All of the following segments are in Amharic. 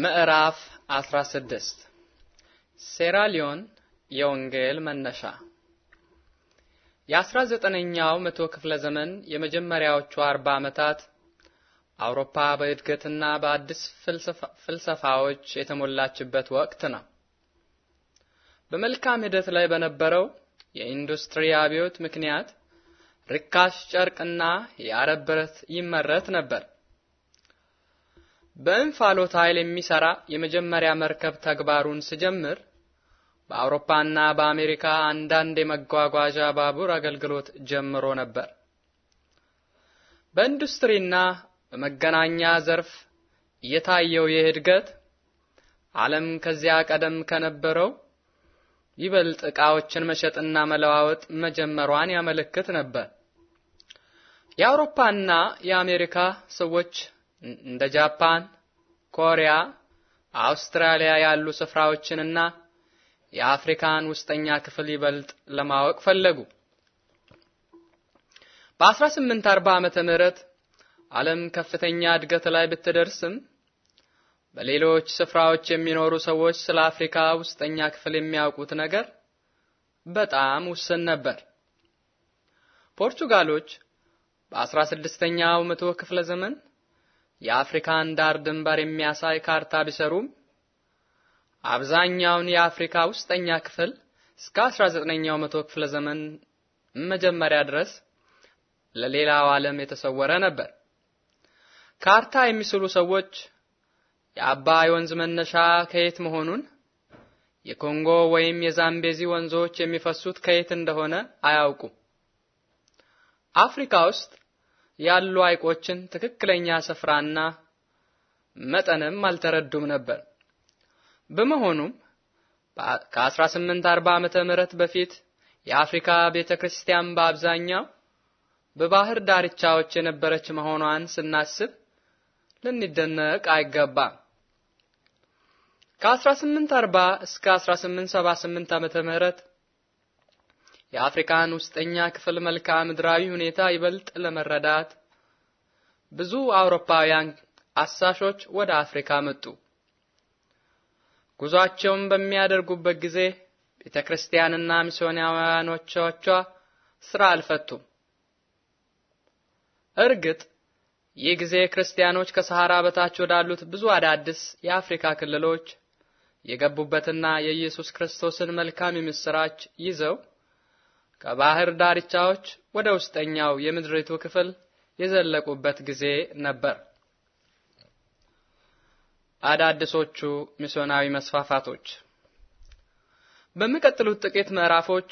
ምዕራፍ 16 ሴራሊዮን የወንጌል መነሻ የ19ኛው መቶ ክፍለ ዘመን የመጀመሪያዎቹ 40 ዓመታት አውሮፓ በእድገትና በአዲስ ፍልሰፋዎች የተሞላችበት ወቅት ነው። በመልካም ሂደት ላይ በነበረው የኢንዱስትሪ አብዮት ምክንያት ርካሽ ጨርቅና የአረብ ብረት ይመረት ነበር። በእንፋሎት ኃይል የሚሰራ የመጀመሪያ መርከብ ተግባሩን ስጀምር በአውሮፓና በአሜሪካ አንዳንድ የመጓጓዣ ባቡር አገልግሎት ጀምሮ ነበር። በኢንዱስትሪና በመገናኛ ዘርፍ የታየው ይህ እድገት ዓለም ከዚያ ቀደም ከነበረው ይበልጥ ዕቃዎችን መሸጥና መለዋወጥ መጀመሯን ያመለክት ነበር። የአውሮፓና የአሜሪካ ሰዎች እንደ ጃፓን፣ ኮሪያ፣ አውስትራሊያ ያሉ ስፍራዎችንና የአፍሪካን ውስጠኛ ክፍል ይበልጥ ለማወቅ ፈለጉ። በ1840 ዓመተ ምህረት ዓለም ከፍተኛ እድገት ላይ ብትደርስም በሌሎች ስፍራዎች የሚኖሩ ሰዎች ስለ አፍሪካ ውስጠኛ ክፍል የሚያውቁት ነገር በጣም ውስን ነበር። ፖርቹጋሎች በ16ኛው መቶ ክፍለ ዘመን የአፍሪካን ዳር ድንበር የሚያሳይ ካርታ ቢሰሩም አብዛኛውን የአፍሪካ ውስጠኛ ክፍል እስከ 19ኛው መቶ ክፍለ ዘመን መጀመሪያ ድረስ ለሌላው ዓለም የተሰወረ ነበር። ካርታ የሚስሉ ሰዎች የአባይ ወንዝ መነሻ ከየት መሆኑን የኮንጎ ወይም የዛምቤዚ ወንዞች የሚፈሱት ከየት እንደሆነ አያውቁም። አፍሪካ ውስጥ ያሉ ሐይቆችን ትክክለኛ ስፍራና መጠንም አልተረዱም ነበር። በመሆኑም ከ1840 ዓመተ ምህረት በፊት የአፍሪካ ቤተክርስቲያን በአብዛኛው በባህር ዳርቻዎች የነበረች መሆኗን ስናስብ ልንደነቅ አይገባም። ከ1840 እስከ 1878 ዓመተ ምህረት የአፍሪካን ውስጠኛ ክፍል መልክዓ ምድራዊ ሁኔታ ይበልጥ ለመረዳት ብዙ አውሮፓውያን አሳሾች ወደ አፍሪካ መጡ። ጉዟቸውን በሚያደርጉበት ጊዜ ቤተ ክርስቲያንና ሚስዮናውያኖቿ ስራ አልፈቱም። እርግጥ ይህ ጊዜ ክርስቲያኖች ከሰሃራ በታች ወዳሉት ብዙ አዳዲስ የአፍሪካ ክልሎች የገቡበትና የኢየሱስ ክርስቶስን መልካም የምስራች ይዘው ከባህር ዳርቻዎች ወደ ውስጠኛው የምድሪቱ ክፍል የዘለቁበት ጊዜ ነበር። አዳዲሶቹ ሚስዮናዊ መስፋፋቶች በሚቀጥሉት ጥቂት ምዕራፎች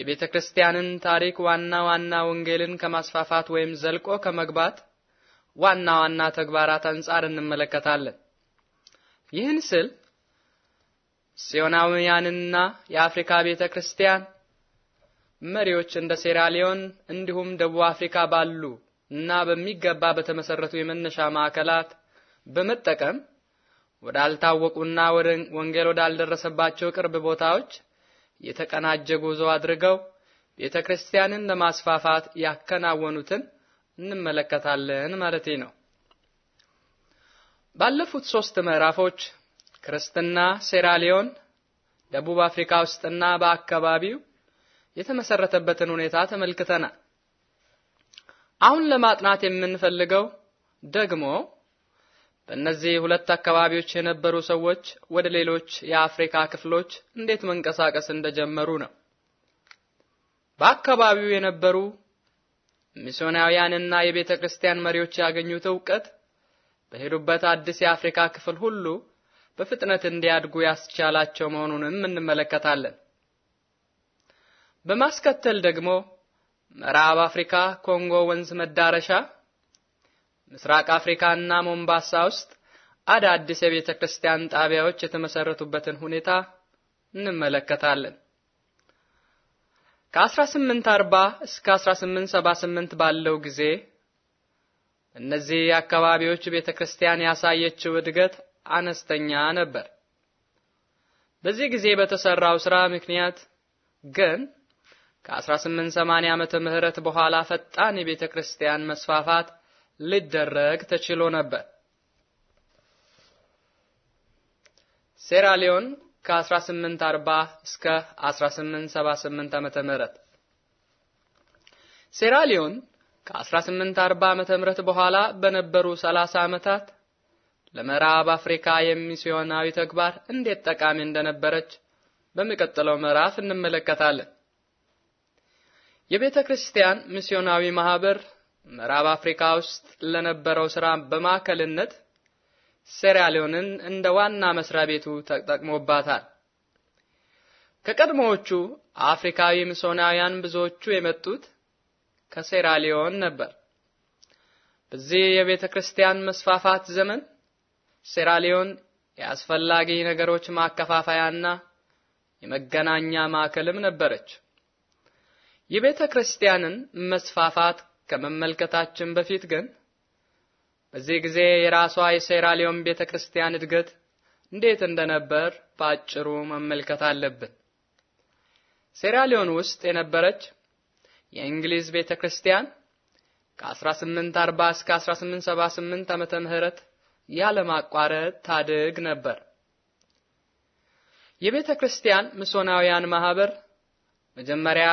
የቤተ ክርስቲያንን ታሪክ ዋና ዋና ወንጌልን ከማስፋፋት ወይም ዘልቆ ከመግባት ዋና ዋና ተግባራት አንጻር እንመለከታለን። ይህን ስል ሲዮናውያንና የአፍሪካ ቤተ ክርስቲያን መሪዎች እንደ ሴራሊዮን እንዲሁም ደቡብ አፍሪካ ባሉ እና በሚገባ በተመሰረቱ የመነሻ ማዕከላት በመጠቀም ወዳልታወቁና ወደ ወንጌል ወዳልደረሰባቸው ቅርብ ቦታዎች የተቀናጀ ጉዞ አድርገው ቤተ ክርስቲያንን ለማስፋፋት ያከናወኑትን እንመለከታለን ማለት ነው። ባለፉት ሶስት ምዕራፎች ክርስትና ሴራሊዮን፣ ደቡብ አፍሪካ ውስጥና በአካባቢው የተመሰረተበትን ሁኔታ ተመልክተናል። አሁን ለማጥናት የምንፈልገው ደግሞ በእነዚህ ሁለት አካባቢዎች የነበሩ ሰዎች ወደ ሌሎች የአፍሪካ ክፍሎች እንዴት መንቀሳቀስ እንደጀመሩ ነው። በአካባቢው የነበሩ ሚስዮናውያንና የቤተ ክርስቲያን መሪዎች ያገኙት እውቀት በሄዱበት አዲስ የአፍሪካ ክፍል ሁሉ በፍጥነት እንዲያድጉ ያስቻላቸው መሆኑንም እንመለከታለን። በማስከተል ደግሞ ምዕራብ አፍሪካ ኮንጎ ወንዝ መዳረሻ፣ ምስራቅ አፍሪካና ሞምባሳ ውስጥ አዳዲስ የቤተ ክርስቲያን ጣቢያዎች የተመሰረቱበትን ሁኔታ እንመለከታለን። ከ1840 እስከ 1878 ባለው ጊዜ እነዚህ አካባቢዎች ቤተ ክርስቲያን ያሳየችው እድገት አነስተኛ ነበር። በዚህ ጊዜ በተሰራው ስራ ምክንያት ግን ከ1880 ዓመተ ምህረት በኋላ ፈጣን የቤተ ክርስቲያን መስፋፋት ሊደረግ ተችሎ ነበር። ሴራሊዮን ከ1840 እስከ 1878 ዓመተ ምህረት ሴራሊዮን ከ1840 ዓመተ ምህረት በኋላ በነበሩ 30 ዓመታት ለምዕራብ አፍሪካ የሚስዮናዊ ተግባር እንዴት ጠቃሚ እንደነበረች በሚቀጥለው ምዕራፍ እንመለከታለን። የቤተ ክርስቲያን ሚስዮናዊ ማህበር ምዕራብ አፍሪካ ውስጥ ለነበረው ስራ በማዕከልነት ሴራሊዮንን እንደ ዋና መስሪያ ቤቱ ተጠቅሞባታል። ከቀድሞዎቹ አፍሪካዊ ሚስዮናውያን ብዙዎቹ የመጡት ከሴራሊዮን ነበር። በዚህ የቤተ ክርስቲያን መስፋፋት ዘመን ሴራሊዮን የአስፈላጊ ነገሮች ማከፋፈያና የመገናኛ ማዕከልም ነበረች። የቤተ ክርስቲያንን መስፋፋት ከመመልከታችን በፊት ግን በዚህ ጊዜ የራሷ የሴራሊዮን ቤተ ክርስቲያን እድገት እንዴት እንደነበር በአጭሩ መመልከት አለብን። ሴራሊዮን ውስጥ የነበረች የእንግሊዝ ቤተ ክርስቲያን ከ1840 እስከ 1878 ዓመተ ምህረት ያለማቋረጥ ታድግ ነበር። የቤተ ክርስቲያን ምሶናውያን ማህበር መጀመሪያ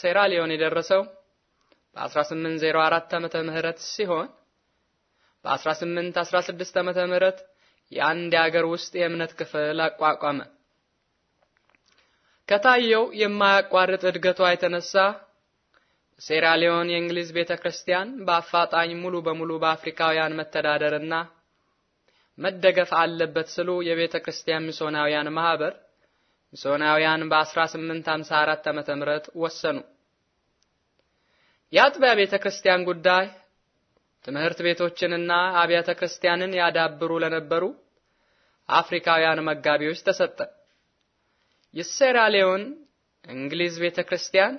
ሴራ ሊዮን የደረሰው በ1804 ዓመተ ምህረት ሲሆን በ1816 ዓመተ ምህረት የአንድ የአገር ውስጥ የእምነት ክፍል አቋቋመ። ከታየው የማያቋርጥ እድገቷ የተነሳ ሴራሊዮን የእንግሊዝ ቤተክርስቲያን በአፋጣኝ ሙሉ በሙሉ በአፍሪካውያን መተዳደርና መደገፍ አለበት ስሉ የቤተክርስቲያን ሚስዮናውያን ማህበር ሶናውያን በ1854 ዓመተ ምህረት ወሰኑ። የአጥቢያ ቤተ ክርስቲያን ጉዳይ ትምህርት ቤቶችንና አብያተ ክርስቲያንን ያዳብሩ ለነበሩ አፍሪካውያን መጋቢዎች ተሰጠ። የሴራሊዮን እንግሊዝ ቤተ ክርስቲያን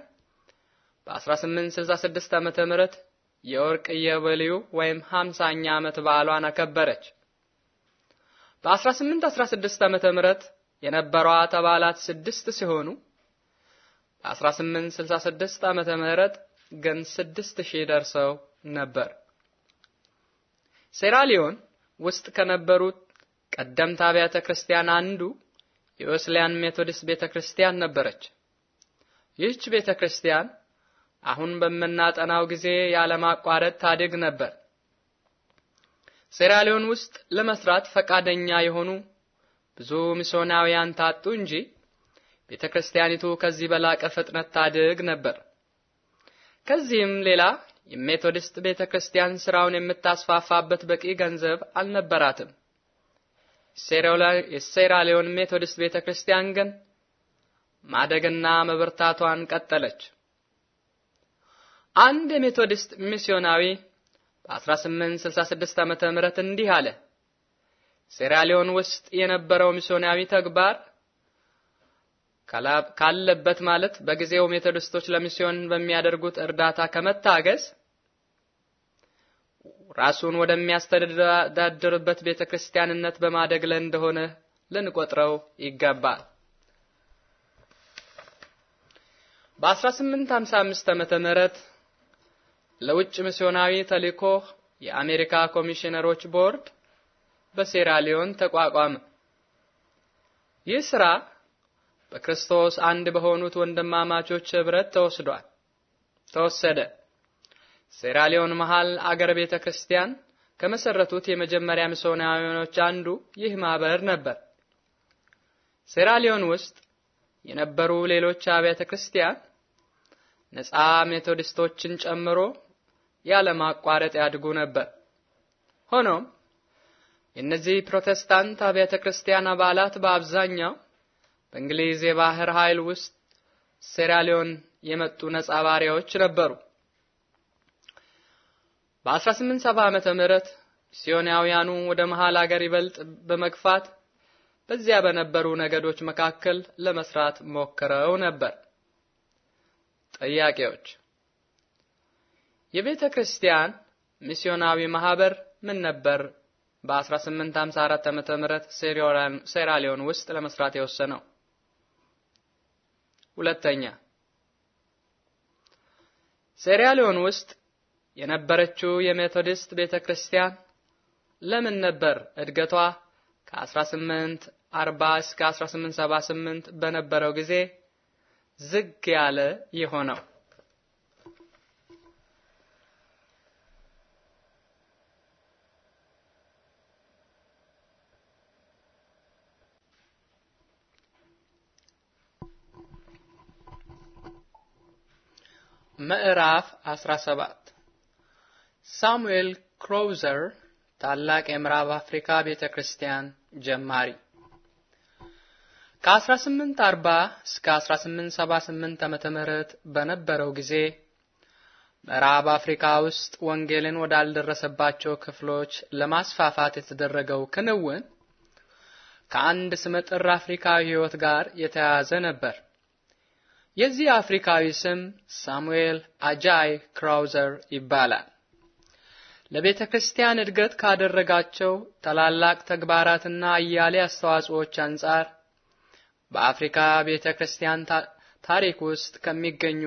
በ1866 ዓመተ ምህረት የወርቅ ኢዮቤልዩ ወይም 50ኛ ዓመት በዓሏን አከበረች። በ1816 ዓመተ ምህረት የነበሯት አባላት ስድስት ሲሆኑ በ1866 ዓመተ ምህረት ግን 6000 ሺህ ደርሰው ነበር። ሴራሊዮን ውስጥ ከነበሩት ቀደምት አብያተ ክርስቲያን አንዱ የወስሊያን ሜቶዲስት ቤተክርስቲያን ነበረች። ይህች ቤተክርስቲያን አሁን በምናጠናው ጊዜ ያለማቋረጥ ታድግ ነበር። ሴራሊዮን ውስጥ ለመስራት ፈቃደኛ የሆኑ ብዙ ሚስዮናውያን ታጡ እንጂ ቤተ ክርስቲያኒቱ ከዚህ በላቀ ፍጥነት ታድግ ነበር። ከዚህም ሌላ የሜቶዲስት ቤተ ክርስቲያን ስራውን የምታስፋፋበት በቂ ገንዘብ አልነበራትም። የሴራሊዮን ሜቶዲስት ቤተ ክርስቲያን ግን ማደግና መበርታቷን ቀጠለች። አንድ የሜቶዲስት ሚስዮናዊ በ1866 ዓ ም እንዲህ አለ። ሴራሊዮን ውስጥ የነበረው ሚስዮናዊ ተግባር ካለበት ማለት በጊዜው ሜቶዲስቶች ለሚስዮን በሚያደርጉት እርዳታ ከመታገዝ ራሱን ወደሚያስተዳድርበት ቤተክርስቲያንነት በማደግ ላይ እንደሆነ ልንቆጥረው ይገባል። በ1855 ዓመተ ምህረት ለውጭ ሚስዮናዊ ተልእኮ የአሜሪካ ኮሚሽነሮች ቦርድ በሴራሊዮን ተቋቋመ። ይህ ስራ በክርስቶስ አንድ በሆኑት ወንድማማቾች ህብረት ተወስዷል ተወሰደ። ሴራሊዮን መሃል አገር ቤተ ክርስቲያን ከመሰረቱት የመጀመሪያ ሚስዮናውያኖች አንዱ ይህ ማህበር ነበር። ሴራሊዮን ውስጥ የነበሩ ሌሎች አብያተ ክርስቲያን ነጻ ሜቶዲስቶችን ጨምሮ ያለማቋረጥ ያድጉ ነበር። ሆኖም የእነዚህ ፕሮቴስታንት አብያተ ክርስቲያን አባላት በአብዛኛው በእንግሊዝ የባህር ኃይል ውስጥ ሴራሊዮን የመጡ ነጻ ባሪያዎች ነበሩ። በ1870 ዓመተ ምህረት ሲዮናውያኑ ወደ መሃል አገር ይበልጥ በመግፋት በዚያ በነበሩ ነገዶች መካከል ለመስራት ሞክረው ነበር። ጥያቄዎች፣ የቤተ ክርስቲያን ሚስዮናዊ ማህበር ምን ነበር? በ1854 ዓመተ ምህረት ሴራሊዮን ውስጥ ለመስራት የወሰነው። ሁለተኛ ሴራሊዮን ውስጥ የነበረችው የሜቶዲስት ቤተክርስቲያን ለምን ነበር እድገቷ ከ1840 እስከ 1878 በነበረው ጊዜ ዝግ ያለ የሆነው? ምዕራፍ 17 ሳሙኤል ክሮውዘር ታላቅ የምዕራብ አፍሪካ ቤተክርስቲያን ጀማሪ ከ1840 እስከ 1878 ዓመተ ምህረት በነበረው ጊዜ ምዕራብ አፍሪካ ውስጥ ወንጌልን ወዳልደረሰባቸው ክፍሎች ለማስፋፋት የተደረገው ክንውን ከአንድ ስመጥር አፍሪካዊ ሕይወት ጋር የተያያዘ ነበር። የዚህ አፍሪካዊ ስም ሳሙኤል አጃይ ክራውዘር ይባላል። ለቤተ ክርስቲያን እድገት ካደረጋቸው ታላላቅ ተግባራትና አያሌ አስተዋጽኦዎች አንጻር በአፍሪካ ቤተ ክርስቲያን ታሪክ ውስጥ ከሚገኙ